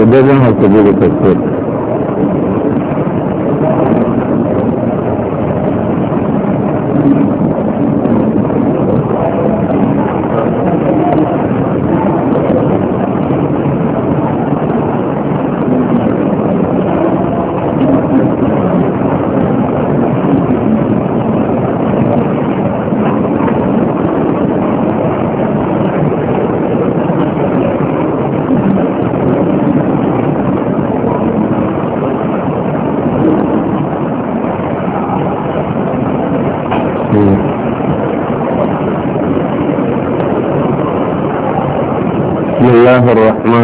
it doesn't have to be the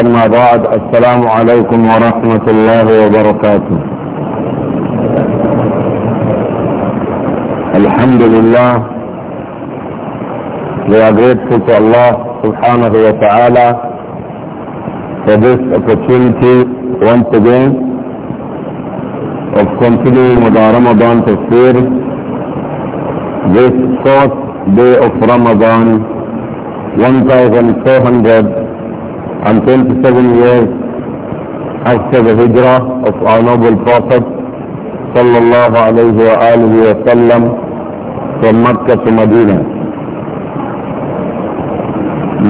أما بعد السلام عليكم ورحمة الله وبركاته الحمد لله We are grateful to Allah for this opportunity once again of continuing with our Ramadan tafsir this fourth day of Ramadan 1400 I'm 27 years after the hijrah of our noble Prophet sallallahu alayhi wa alihi wa sallam from Makkah to Medina.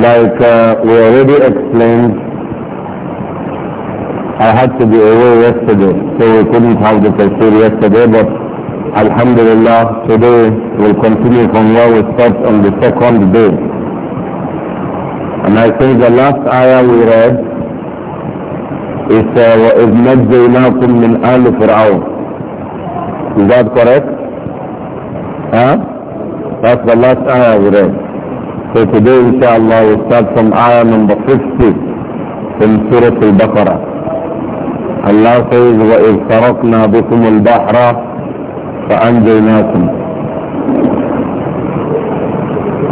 Like uh, we already explained, I had to be away yesterday, so we couldn't have the tafsir yesterday, but Alhamdulillah, today we'll continue from where we stopped on the second day. And I think the last ayah we read is وَإِذْ نَجَّيْنَاكُمْ مِنْ آلِ فِرْعَوْنَ Is that correct? Huh? That's the last ayah we read. So today inshallah we start from ayah number 50 in Surah Al-Baqarah. Allah says وَإِذْ فَرَقْنَا بِكُمُ الْبَحْرَ فَأَنْجَيْنَاكُمْ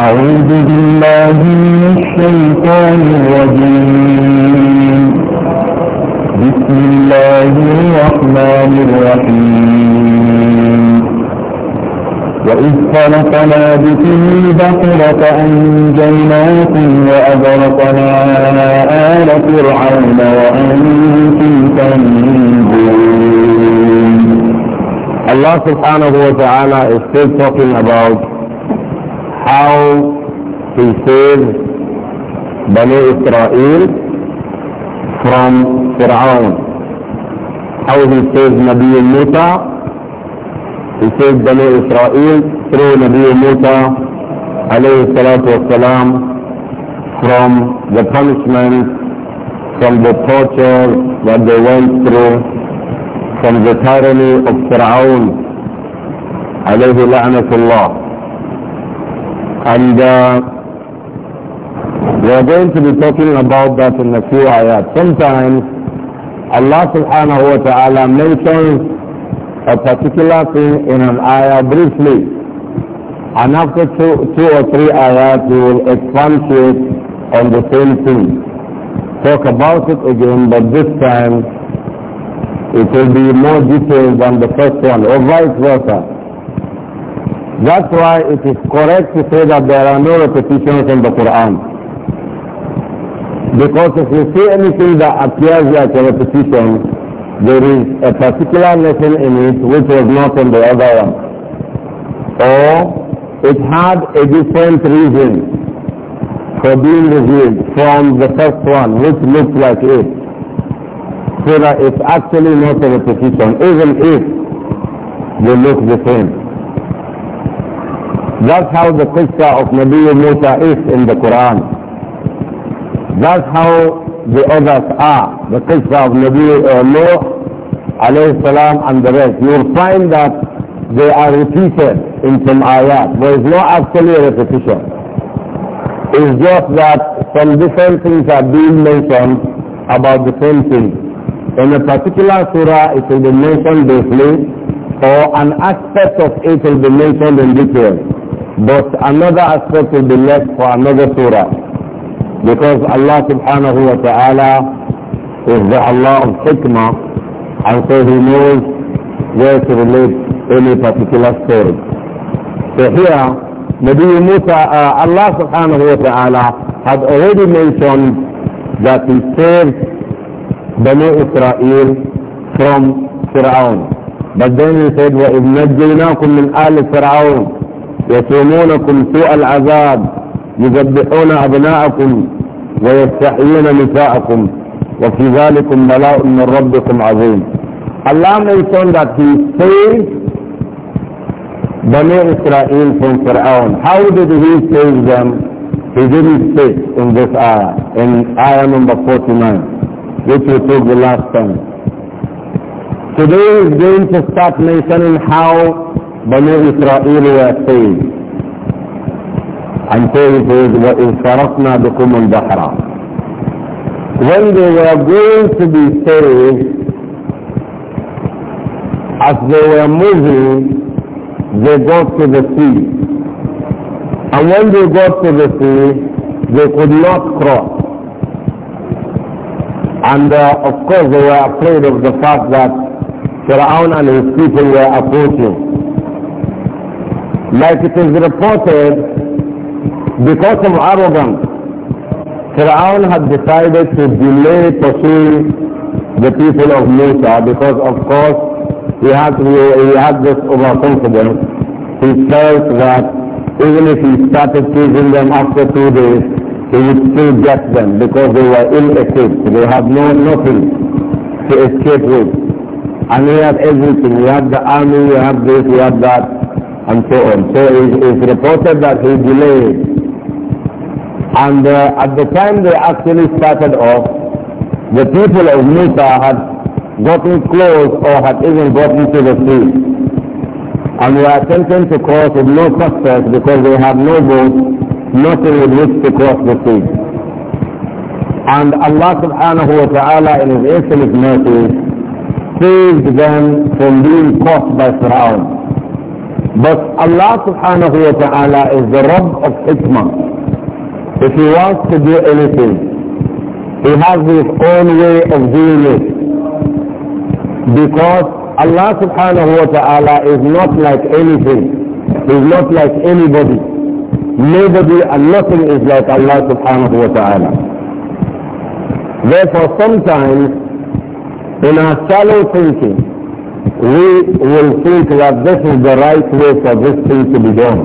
أعوذ بالله من الشيطان الرجيم بسم الله الرحمن الرحيم وإذ خلقنا بكم البحر فأنجيناكم وأغرقنا آل فرعون وأنتم تنبون الله سبحانه وتعالى is still talking about how he saved Bani Israel from Fir'aun. How he saved Nabi Musa. He saved Bani Israel through Nabi Musa alayhi salatu wasalam from the punishment, from the torture that they went through, from the tyranny of Fir'aun alayhi la'natullah. And uh, we are going to be talking about that in a few ayat. Sometimes Allah subhanahu wa ta'ala mentions a particular thing in an ayah briefly. And after two, two or three ayat, we will expand it on the same thing. Talk about it again, but this time it will be more detailed than the first one, or vice versa. That's why it is correct to say that there are no repetitions in the Quran. Because if you see anything that appears like a repetition, there is a particular lesson in it which was not in the other one. Or it had a different reason for being revealed from the first one which looked like it. So that it's actually not a repetition, even if they look the same. That's how the qissa of Nabi Musa is in the Quran. That's how the others are, the qissa of Nabi uh, Nuh alayhi salam and the rest. You'll find that they are repeated in some ayat. There is no actually repetition. It's just that some different things are being mentioned about the same thing. In a particular surah, it will be mentioned briefly, or an aspect of it will be mentioned in detail. But another aspect will be left for another surah. Because Allah subhanahu wa ta'ala is the Allah of hikmah and so He knows where to relate any particular story. So here, Nabi Musa, uh, Allah subhanahu wa ta'ala had already mentioned that He saved Bani Israel from Fir'aun. But then He said, وَإِذْ نَجَّيْنَاكُمْ مِنْ آلِ فِرْعَوْنَ يصومونكم سوء العذاب يذبحون أبناءكم ويستحيون نساءكم وفي ذلك بلاء من ربكم عظيم Allah mentioned that he saved Bani Israel from Fir'aun. How did he save them? He didn't say in this ayah, in ayah number 49, which we took the last time. Today is going to start mentioning how Banu فَرَقْنَا بِكُمُ الْبَحْرَ When they were going to be saved, as they were moving, they got to the sea. And when they got to the sea, they could not cross. And uh, of course they were afraid of the fact that Fir'aun and his people were approaching like it is reported, because of arrogance, Fir'aun had decided to delay pursuing the people of Musa because of course he had, he, he had this overconfidence. He felt that even if he started chasing them after two days, he would still get them because they were ill-equipped. They had no, nothing to escape with. And he had everything. He had the army, he had this, he had that and so on. So it is reported that he delayed. And uh, at the time they actually started off, the people of Musa had gotten close or had even gotten to the sea. And were attempting to cross with no success because they had no boat, nothing with which to cross the sea. And Allah subhanahu wa ta'ala in His infinite mercy saved them from being caught by Pharaoh. But Allah subhanahu wa ta'ala is the Rabb of Hikmah. If he wants to do anything, he has his own way of doing it. Because Allah subhanahu wa ta'ala is not like anything. He's not like anybody. Nobody and nothing is like Allah subhanahu wa ta'ala. Therefore sometimes in our shallow thinking, we will think that this is the right way for this thing to be done.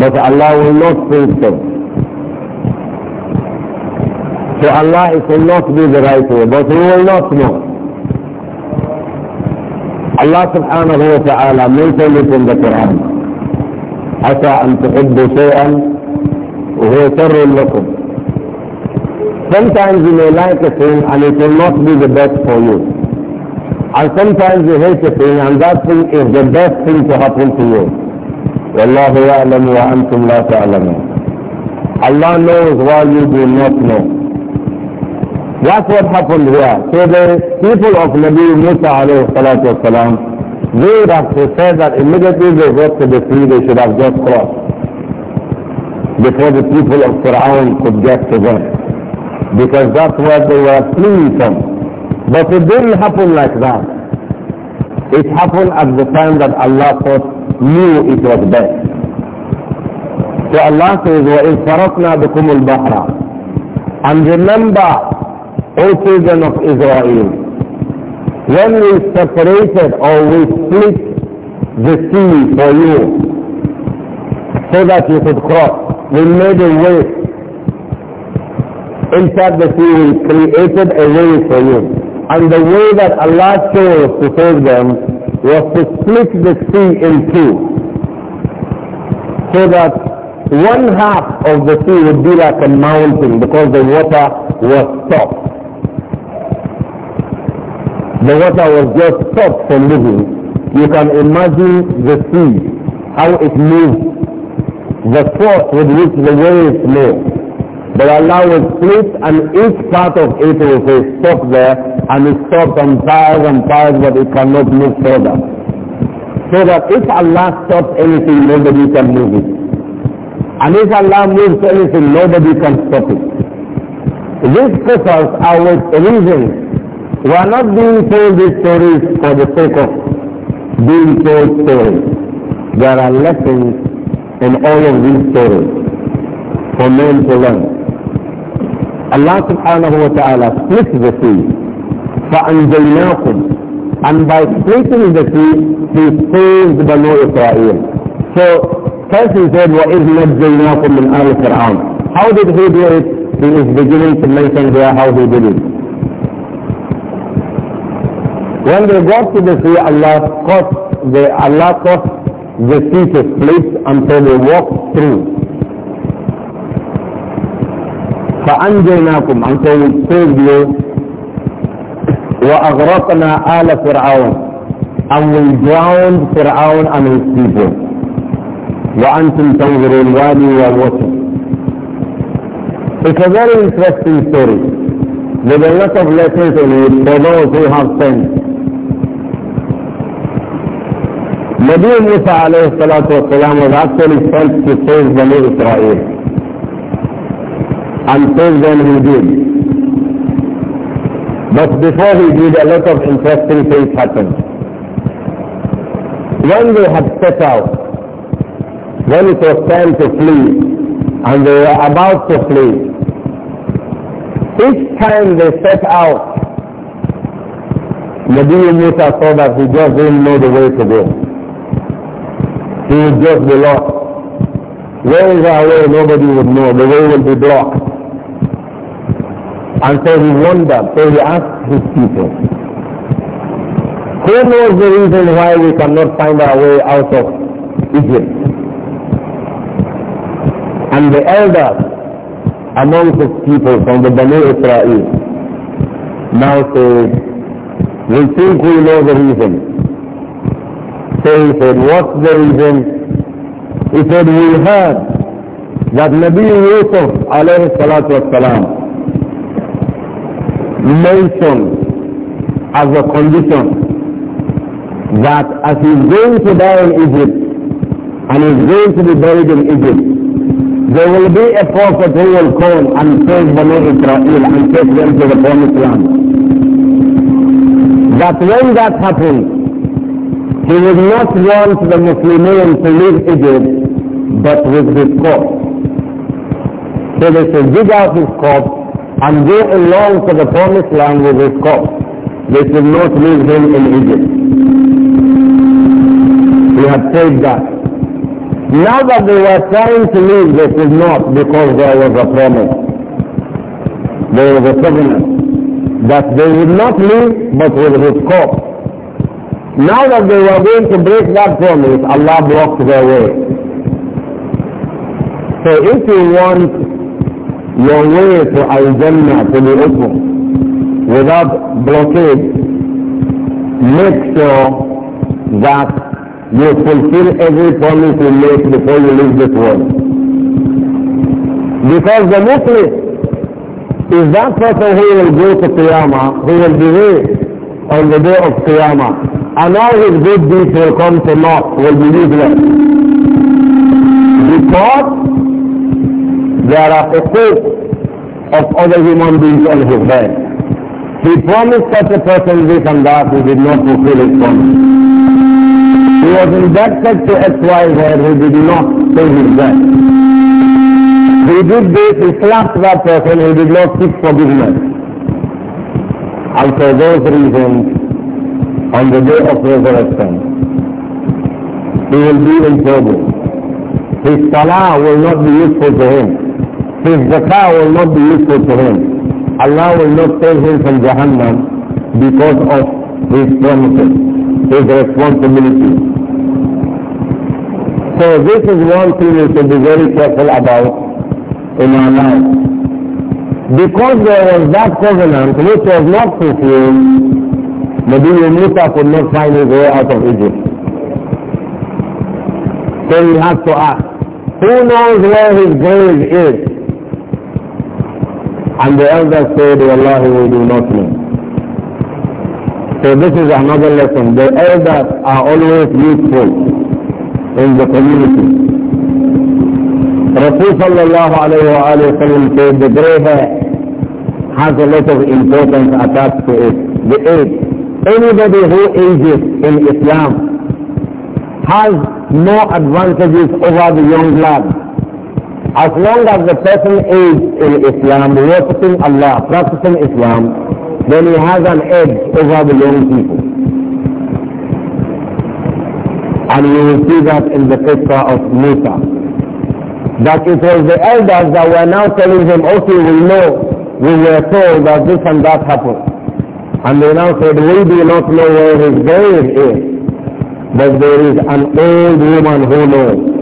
But Allah will not think so. To so Allah it will not be the right way, but we will not know. الله سبحانه وتعالى منزل من القرآن عسى أن تحبوا شيئا وهو شر لكم Sometimes you may like a thing and it will not be the best for you. And sometimes you hate a thing and that thing is the best thing to happen to you. وَاللَّهُ يَعْلَمُ وَأَنْتُمْ لَا تَعْلَمُونَ Allah knows what you do not know. That's what happened here. So the people of Nabi Musa alayhi salatu wasalam, they would have say that immediately they got to the sea, they should have just crossed before the people of Fir'aun could get to them. Because that's where they were fleeing from. But it didn't happen like that. It happened at the time that Allah thought knew it was best. So Allah says, وَإِذْ فَرَقْنَا بِكُمُ الْبَحْرَ And remember, O children of Israel, when we separated or we split the sea for you, so that you could cross, we made a way. Inside the sea, we created a way for you. And the way that Allah chose to save them was to split the sea in two. So that one half of the sea would be like a mountain because the water was stopped. The water was just stopped from moving. You can imagine the sea, how it moves, the force with which the waves move. But Allah will split and each part of it will say stop there and it stops and fires and fires but it cannot move further. So that if Allah stops anything, nobody can move it. And if Allah moves anything, nobody can stop it. These stories are with reasons. We are not being told these stories for the sake of being told stories. There are lessons in all of these stories for men to learn. Allah subhanahu wa ta'ala splits the sea فَأَنْزَلْنَاكُمْ And by splitting the sea, he saved Banu Israel. So, first he said, وَإِذْ نَجَّيْنَاكُمْ مِنْ آلِ فِرْعَوْنَ How did he do it? He is beginning to mention there how he did it. When they got to the sea, Allah caused the, Allah caused the sea to split until they walked through. فأنجيناكم until he saved you وَأَغْرَقْنَا آلَ فِرْعَوْنَ ام we فرعون Fir'aun and وَأَنْتُمْ تَنْظُرُونَ while you It's a very interesting story. are a lot of lessons in it for those who have sense. Nabi Musa alayhi salatu salam was actually sent to save Bani Israel. And save them he did. But before he did, a lot of interesting things happened. When they had set out, when it was time to flee, and they were about to flee, each time they set out, Nabi Musa saw that he just didn't know the way to go. He would just be lost. Where is our way? Nobody would know. The way will be blocked. And so he wondered, so he asked his people, who knows the reason why we cannot find our way out of Egypt? And the elders among his people from the Banu Israel now say, we think we know the reason. So he said, what's the reason? He said, we heard that Nabi Yusuf alayhi salatu wasalam mentioned as a condition that as he's going to die in Egypt and he's going to be buried in Egypt, there will be a prophet who will come and save Banu Israel and take them to the promised land. That when that happens, he will not want the Muslims to leave Egypt, but with his corpse. So they should dig out his corpse and go along to the promised land with his cause. They should not leave him in Egypt. He had said that. Now that they were trying to leave, they could not because there was a promise. There was a covenant that they would not leave but with his corpse. Now that they were going to break that promise, Allah blocked their way. So if you want your way to Al-Jannah, to the Ukhum, without blockade, make sure that you fulfill every promise you make before you leave this world. Because the Muflis is that person who will go to Qiyamah, who will be raised on the day of Qiyamah, and all his good deeds will come to naught, will be useless. Because there are pursuits of other human beings on his head. He promised such a person this and that, he did not fulfill his promise. He was indebted to XYZ He did not pay his debt. He did this, he slapped that person, he did not seek forgiveness. And for those reasons, on the day of resurrection, he will be in trouble. His salah will not be useful to him his zakah will not be useful to him. Allah will not save him from Jahannam because of his promises, his responsibility. So this is one thing we should be very careful about in our life. Because there was that covenant which was not fulfilled, Nabi Musa could not find his way out of Egypt. So we have to ask, who knows where his grave is? And the elders said, Wallahi, we do not know. So this is another lesson. The elders are always useful in the community. Rasul sallallahu alayhi wa, sallam said the grey hair has a lot of importance attached to it. The age. Anybody who ages in Islam has more advantages over the young lad as long as the person is in Islam, worshipping Allah, practicing Islam, then he has an edge over the young people. And you will see that in the qissa of Musa. That it was the elders that were now telling him, okay, we know, we were told that this and that happened. And they now said, we do not know where his grave is, but there is an old woman who knows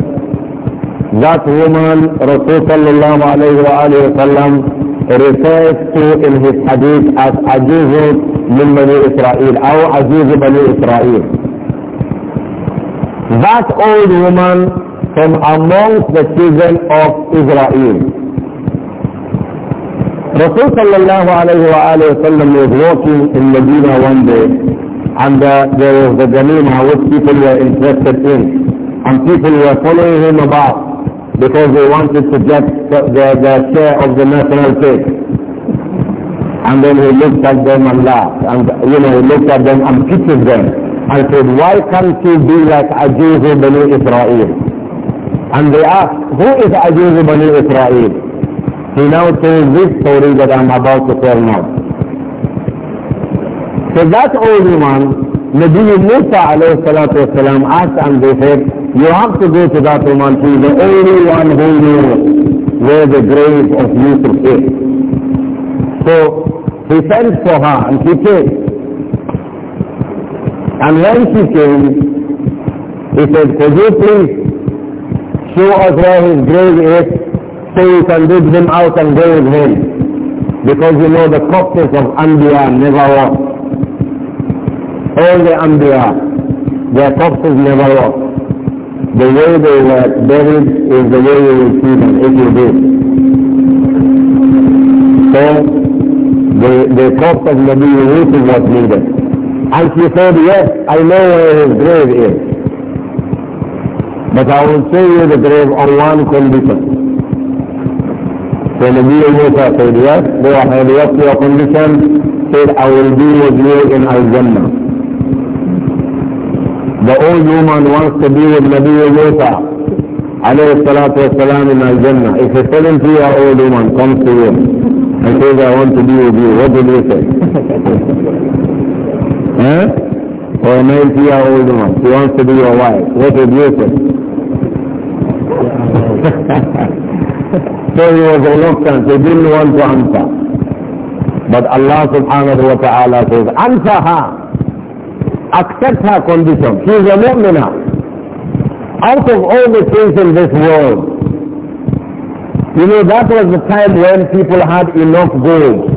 that woman Rasulullah sallallahu refers to in his hadith as Ajuzu min Bani Israel or Ajuzu Bani Israel. That old woman from amongst the children of Israel. Rasul sallallahu alayhi wa was walking in Medina one day and uh, there was the Ganima which people were interested in and people were following him about because they wanted to get their, their share of the national cake. And then he looked at them and laughed. And, you know, he looked at them and pitied them and said, why can't you be like Ajuzu Bani Israel? And they asked, who is Ajuzu Bani Israel? He now told this story that I'm about to tell now. So that old man, Nabi Musa alayhi salatu asked and they said, you have to go to that woman. She is the only one who knew where the grave of Yusuf is. So he sent for her and she came. And when she came, he said, could you please show us where his grave is so you can dig him out and go with him. Because you know the corpses of Andia never walk. All the Andia, their corpses never walk the way they were buried is the way you will see them if you do. So the, the corpse of Nabi Yunus is what needed. And she said, yes, I know where his grave is. But I will show you the grave on one condition. So Nabi Yunus said, yes, go ahead, what's your condition? Said, I will be with you in Al-Jannah. The old woman wants to be with Nabi Musa alayhi salatu wasalam in Al-Jannah. If a 70-year-old woman comes to you and says, I want to be with you, what will you say? huh? Or a 90-year-old woman, she wants to be your wife, what would you say? so he was reluctant, he didn't want to answer. But Allah subhanahu wa ta'ala says, answer her! accept her condition. She is a mu'mina. Out of all the things in this world, you know that was the time when people had enough gold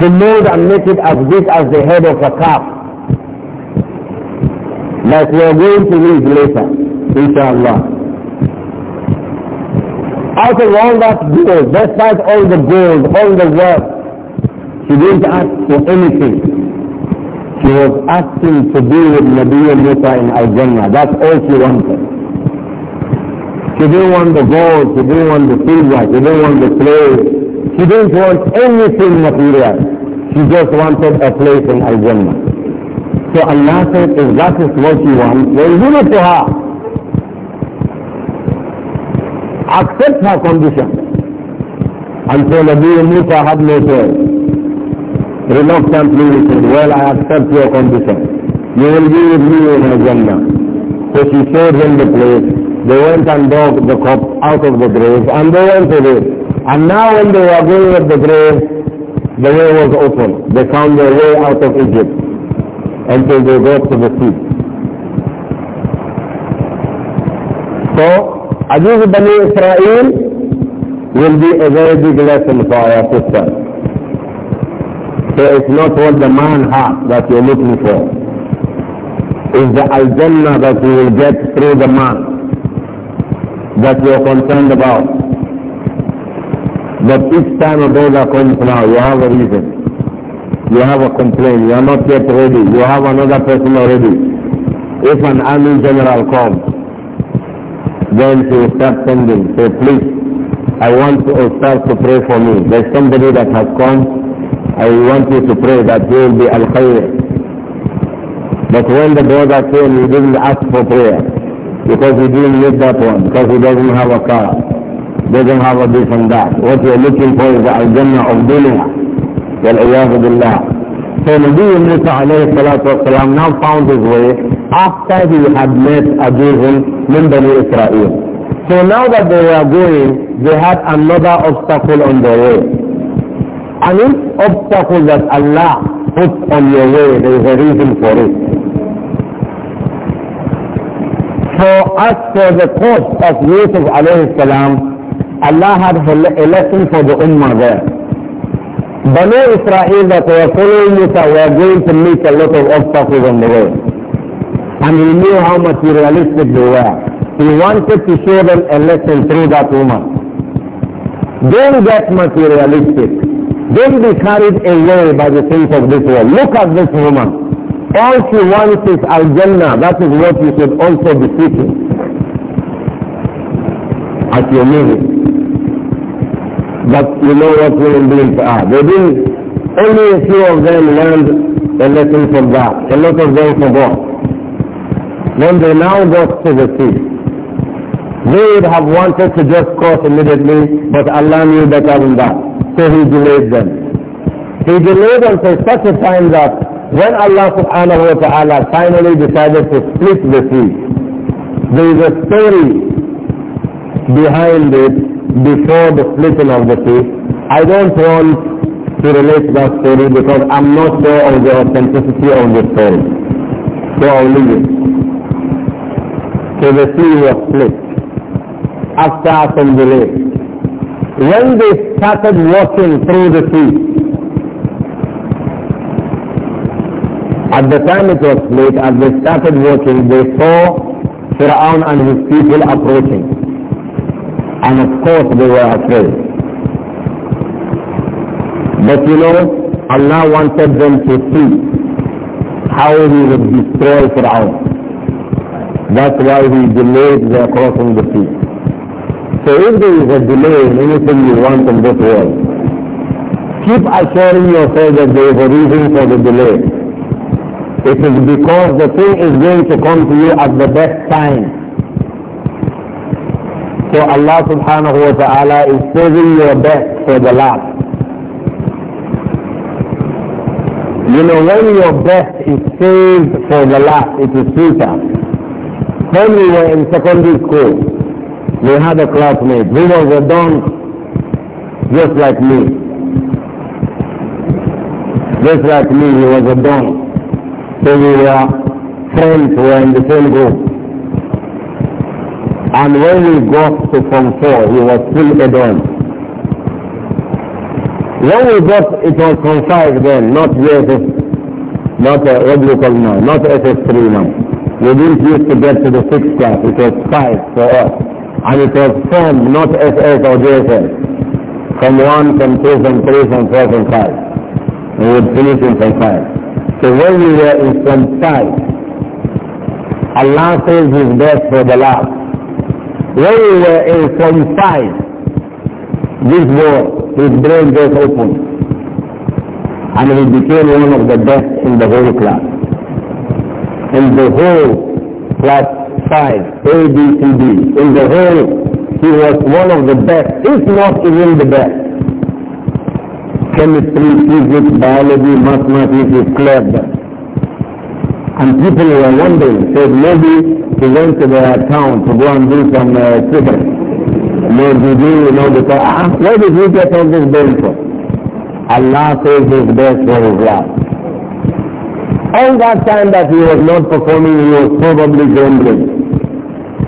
to mold and make it as big as the head of a calf. Like we are going to read later, inshallah. Out of all that gold, despite all the gold, all the wealth, she didn't ask for anything. She was asking to be with Nabi Musa in Al-Jannah. That's all she wanted. She didn't want the gold, she didn't want the silver, she didn't want the clothes. She didn't want anything material. She just wanted a place in Al-Jannah. So Allah said, if that is what you want, then give it to her. Accept her condition. And so Nabi Musa had no choice reluctantly he said, well, I accept your condition. You will be with me in Jannah. So she showed him the place. They went and dug the cup out of the grave and they went it. And now when they were going at the grave, the way was open. They found their way out of Egypt until they got to the sea. So, Aziz Bani Israel will be a very big lesson for our sisters. So it's not what the man has that you're looking for. It's the al-jannah that you will get through the man that you're concerned about. But each time a brother comes now, you have a reason. You have a complaint. You are not yet ready. You have another person already. If an army general comes, then he will start sending. Say, please, I want to start to pray for me. There's somebody that has come I want you to pray that he will be Al-Khair. But when the brother came, he didn't ask for prayer because he didn't need that one because he doesn't have a car, doesn't have a this and that. What we are looking for is the Al-Jannah of dunya. والعياذ بالله. So Nabi Musa alayhi salatu wasalam now found his way after he had met a Jew from Bani Israel. So now that they were going, they had another obstacle on their way. I mean, obstacle that Allah puts on your way, there is a reason for it. So as for the course of Yusuf alayhi salam, Allah had a lesson for the Ummah there. Banu Israel that were following Musa were going to meet a lot of obstacles on the way. And he knew how materialistic they were. He wanted to show them a lesson through that woman. Don't get materialistic. Don't be carried away by the things of this world. Look at this woman. All she wants is al-Jannah. That is what you should also be seeking at your meeting. But you know what women beings are. They didn't, only a few of them learned a lesson from that. A lot of them forgot. When they now got to the sea, they would have wanted to just cross immediately, but Allah knew better than that. So he delayed them. He delayed until such a time that when Allah subhanahu wa ta'ala finally decided to split the sea, there is a story behind it before the splitting of the sea. I don't want to relate that story because I'm not sure of the authenticity of the story. So I'll leave it. So the sea was split after some delay when they started walking through the sea, At the time it was late, as they started walking, they saw Fir'aun and his people approaching. And of course they were afraid. But you know, Allah wanted them to see how he would destroy Fir'aun. That's why he delayed their crossing the sea. So if there is a delay in anything you want in this world, keep assuring yourself that there is a reason for the delay. It is because the thing is going to come to you at the best time. So Allah subhanahu wa ta'ala is saving your best for the last. You know, when your best is saved for the last, it is sweeter. When we were in secondary school, we had a classmate He was don, just like me. Just like me, he was a don. So we were friends, we were in the same group. And when we got to Form 4, he was still don. When we got, it was Form 5 then, not yet, not a uh, what do now, not SS3 now. We didn't used to get to the 6th class, it was 5 for us. And it was from, not SS or JSS. From 1, from 2, from 3, from 4, from 5. We would finish in from 5. So when we were in from 5, Allah saves His death for the last. When we were in from 5, this door, his brain just opened. And he became one of the best in the whole class. In the whole class 5, A, B, C, D. In the whole, he was one of the best, if not even the best. Chemistry, physics, biology, mathematics, he cleared And people were wondering, said maybe he went to their town to go and do some uh, cigarettes. Maybe do, you know, because, ah, where did he get all this brain from? Allah saved his best for his last. All that time that he was not performing, he was probably gambling.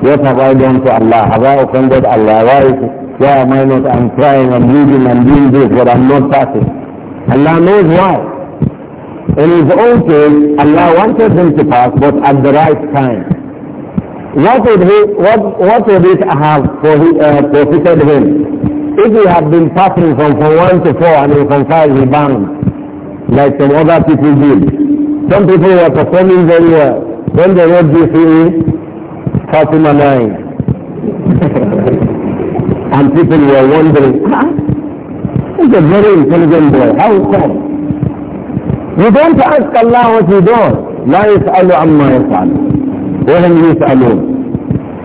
What have I done to Allah? Have I offended Allah? Why, am I not? I'm crying, I'm bleeding, I'm doing this, but I'm not passing. Allah knows why. In his own case, Allah wanted him to pass, but at the right time. What would, he, what, what would it have uh, profited him? If he had been passing from, from 1 to 4 and he from 5 he banged, like some other people did. Some people were performing very well. When they wrote this, Fatima 9. and people were wondering, huh? He's a very intelligent boy. How come? You don't ask Allah what you don't. لا يسأل عما يفعل وهم يسألون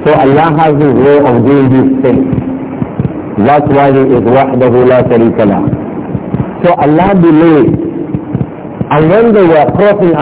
So Allah has his way of doing these things. That's why he is وحده لا شريك له. So Allah delayed. And when they were crossing